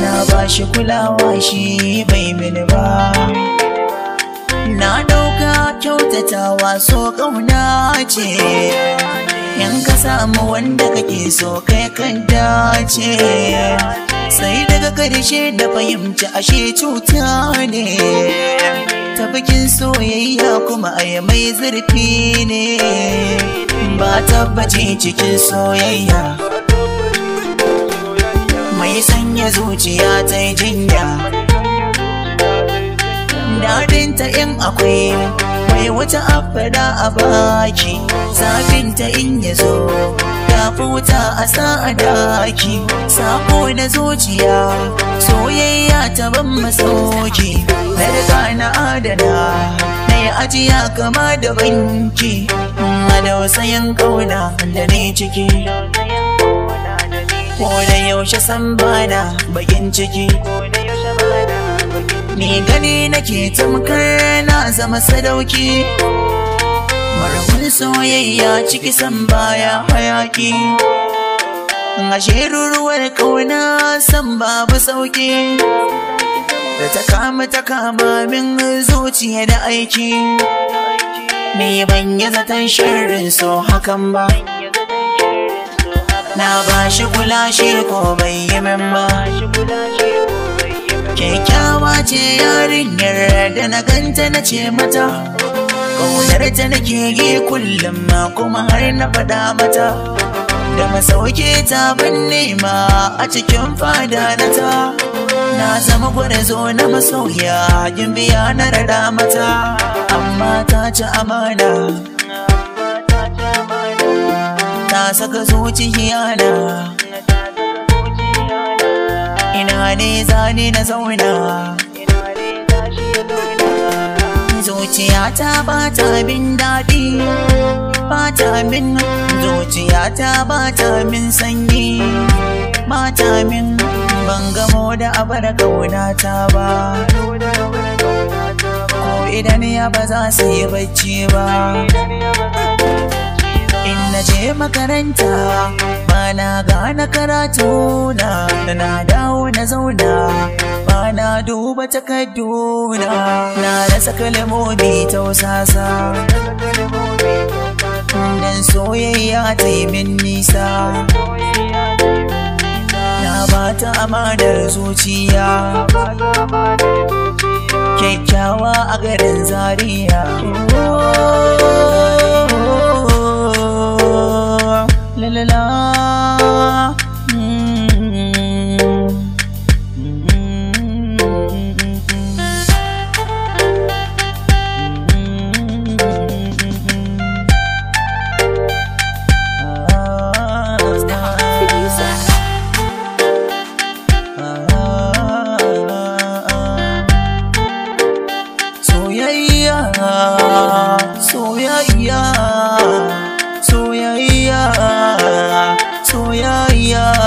na ba shi kulawa shi bai mini ba na ɗauka kyautatawa so ƙauna ce in ka samu wanda kake so kai kan dace sai daga karshe da fahimci ashe cuta ne Ta bikin soyayya kuma a mai zurfi ne ba tabbaci cikin soyayya mai san sanya zuciya ta yi jinya daɗinta in akwai mai wata afada a baki zafinta in ya zo tafi wuta a a daki sako na zuciya soyayya ta ban masauki na riga na adana na yi ajiya kama da banki da wasayin kauna da ne ciki ko da yaushe san bana bakin ciki ni gani nake tamkar na zama sadauki marahun soyayya ciki san baya hayaki ashe ruruwar kauna san babu sauki da ta kama ta kama min zuciya da aiki me ban yi zaton shirin so hakan ba na ba shi kula shi ko bai yi min ba kyakkyawa ce yarinyar da na ganta na ce mata ƙaunar ta nake yi kullum ma kuma har na faɗa mata da masauke ta ban nema a cikin fada na ta na zama gwada zo na masoya yin biya na raɗa mata amma ta ci amana saka zuciya na ina ne zane na zauna zuciya ta bata min daɗi bata min zuciya ta bata min sanyi bata min ban gamo da abar ta ba ko idan ya ba za su yi bacci ba je makaranta bana gana karatuna. na na dawo na zauna bana duba takaduna na rasa kalmomi tausasa dan soyayya ta yi min nisa na bata amanar zuciya kyakkyawa a garin zaria சொல்லலாம் yeah, yeah